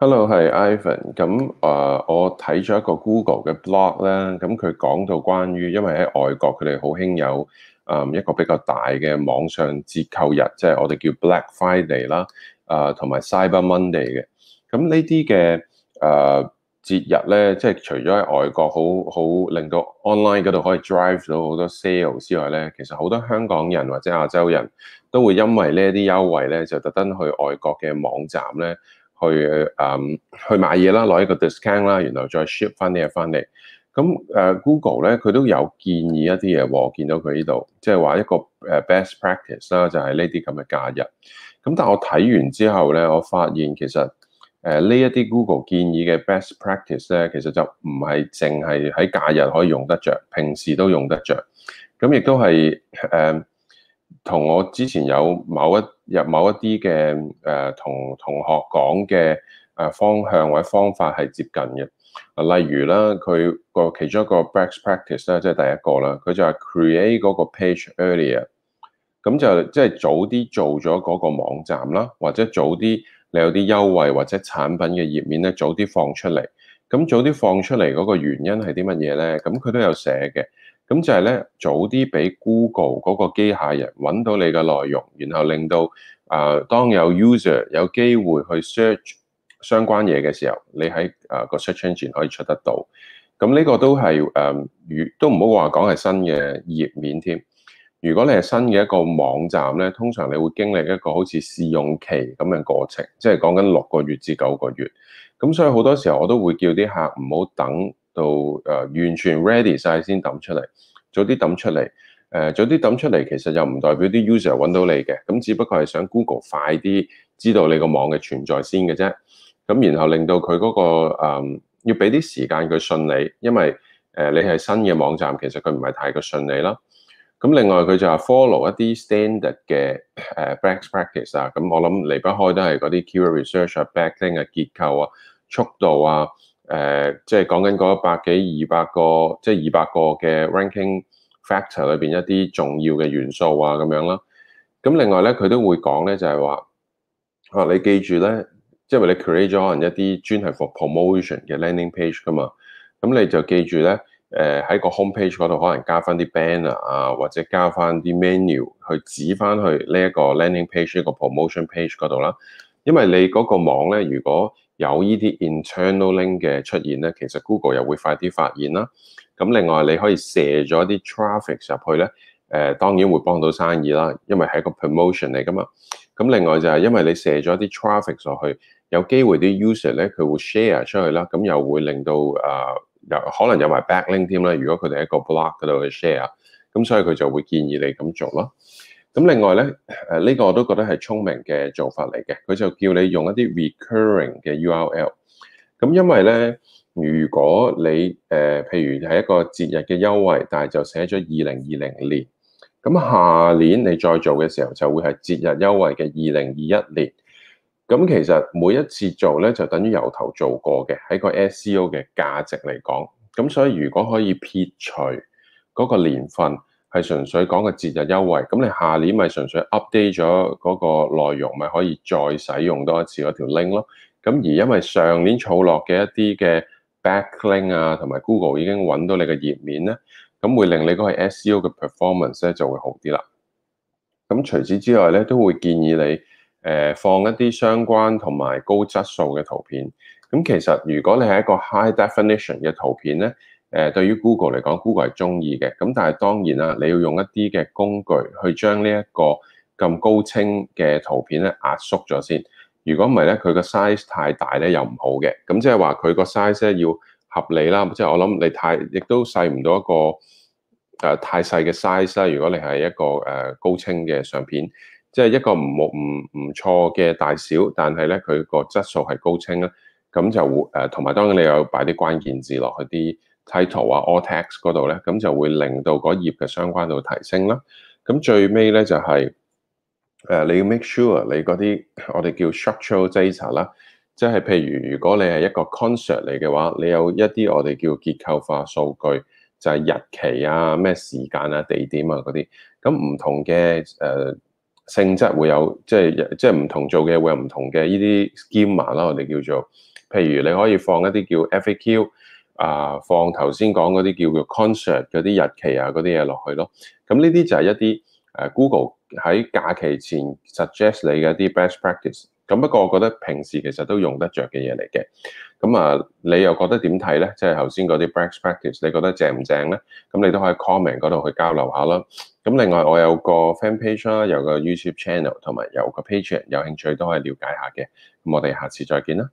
Hello，係 Ivan。咁啊，我睇咗一個 Google 嘅 blog 咧，咁佢講到關於，因為喺外國佢哋好興有啊、um, 一個比較大嘅網上折扣日，即係我哋叫 Black Friday 啦、uh,，啊同埋 Cyber Monday 嘅。咁、uh, 呢啲嘅啊節日咧，即係除咗喺外國好好令到 online 嗰度可以 drive 到好多 sale 之外咧，其實好多香港人或者亞洲人都會因為呢一啲優惠咧，就特登去外國嘅網站咧。去誒、嗯、去買嘢啦，攞一個 discount 啦，然後再 ship 翻啲嘢翻嚟。咁誒 Google 咧，佢都有建議一啲嘢喎，見到佢呢度，即係話一個誒 best practice 啦，就係呢啲咁嘅假日。咁但係我睇完之後咧，我發現其實誒呢、呃、一啲 Google 建議嘅 best practice 咧，其實就唔係淨係喺假日可以用得着，平時都用得着。咁亦都係誒，呃同我之前有某一日某一啲嘅誒同同學講嘅誒方向或者方法係接近嘅，啊，例如啦，佢個其中一個 bricks practice 咧，即係第一個啦，佢就係 create 嗰個 page earlier，咁就即係早啲做咗嗰個網站啦，或者早啲你有啲優惠或者產品嘅頁面咧，早啲放出嚟，咁早啲放出嚟嗰個原因係啲乜嘢咧？咁佢都有寫嘅。咁就係咧，早啲俾 Google 嗰個機械人揾到你嘅內容，然後令到啊、呃，當有 user 有機會去 search 相關嘢嘅時候，你喺啊、呃嗰個 search engine 可以出得到。咁呢個都係誒、呃，都唔好話講係新嘅頁面添。如果你係新嘅一個網站咧，通常你會經歷一個好似試用期咁嘅過程，即係講緊六個月至九個月。咁所以好多時候我都會叫啲客唔好等。到誒完全 ready 晒先抌出嚟，早啲抌出嚟，誒、呃、早啲抌出嚟，其實又唔代表啲 user 揾到你嘅，咁只不過係想 Google 快啲知道你個網嘅存在先嘅啫，咁然後令到佢嗰、嗰個、呃、要俾啲時間佢信你，因為誒你係新嘅網站，其實佢唔係太過信你啦。咁另外佢就係 follow 一啲 standard 嘅誒 best practice 啊，咁我諗離不開都係嗰啲 keyword research 啊、backlink 嘅結構啊、速度啊。誒，即係講緊嗰一百幾、二百個，即係二百個嘅 ranking factor 裏邊一啲重要嘅元素啊，咁樣啦。咁另外咧，佢都會講咧，就係話，啊，你記住咧，即係你 create 咗可能一啲專係 for promotion 嘅 landing page 噶嘛。咁你就記住咧，誒喺個 home page 嗰度可能加翻啲 banner 啊，或者加翻啲 menu 去指翻去呢一個 landing page、一個 promotion page 嗰度啦。因為你嗰個網咧，如果有呢啲 internal link 嘅出現咧，其實 Google 又會快啲發現啦。咁另外你可以射咗啲 traffic 入去咧，誒、呃、當然會幫到生意啦，因為係一個 promotion 嚟噶嘛。咁另外就係因為你射咗啲 traffic 入去，有機會啲 user 咧佢會 share 出去啦，咁又會令到誒又、呃、可能有埋 back link 添啦。如果佢哋喺個 blog 嗰度去 share，咁所以佢就會建議你咁做咯。咁另外咧，誒、這、呢個我都覺得係聰明嘅做法嚟嘅。佢就叫你用一啲 recurring 嘅 URL。咁因為咧，如果你誒、呃、譬如係一個節日嘅優惠，但係就寫咗二零二零年，咁下年你再做嘅時候就會係節日優惠嘅二零二一年。咁其實每一次做咧就等於由頭做過嘅，喺個 SEO 嘅價值嚟講。咁所以如果可以撇除嗰個年份，係純粹講個節日優惠，咁你下年咪純粹 update 咗嗰個內容，咪可以再使用多一次嗰條 link 咯。咁而因為上年儲落嘅一啲嘅 backlink 啊，同埋 Google 已經揾到你嘅頁面咧，咁會令你嗰個 SEO 嘅 performance 咧就會好啲啦。咁除此之外咧，都會建議你誒放一啲相關同埋高質素嘅圖片。咁其實如果你係一個 high definition 嘅圖片咧，誒對於 Google 嚟講，Google 係中意嘅。咁但係當然啦，你要用一啲嘅工具去將呢一個咁高清嘅圖片咧壓縮咗先。如果唔係咧，佢個 size 太大咧又唔好嘅。咁即係話佢個 size 咧要合理啦。即係我諗你太亦都細唔到一個誒太細嘅 size 啦。如果你係一個誒高清嘅相片，即係一個唔冇唔唔錯嘅大小，但係咧佢個質素係高清啦。咁就誒同埋當然你有擺啲關鍵字落去啲 title 啊，alt text 嗰度咧，咁就會令到嗰頁嘅相關度提升啦。咁最尾咧就係、是、誒、uh，你要 make sure 你嗰啲我哋叫 structural data 啦，即、就、係、是、譬如如果你係一個 concert 嚟嘅話，你有一啲我哋叫結構化數據，就係、是、日期啊、咩時間啊、地點啊嗰啲。咁唔同嘅誒、uh，性質會有，即係即係唔同做嘅會有唔同嘅呢啲 schema 啦，我哋叫做譬如你可以放一啲叫 FAQ。啊，放頭先講嗰啲叫做 concert 嗰啲日期啊，嗰啲嘢落去咯。咁呢啲就係一啲誒 Google 喺假期前 suggest 你嘅一啲 best practice。咁不過我覺得平時其實都用得着嘅嘢嚟嘅。咁啊，你又覺得點睇咧？即係頭先嗰啲 best practice，你覺得正唔正咧？咁你都可以 comment 嗰度去交流下啦。咁另外我有個 fan page 啦，有個 YouTube channel 同埋有個 Patreon，有興趣都可以了解下嘅。咁我哋下次再見啦。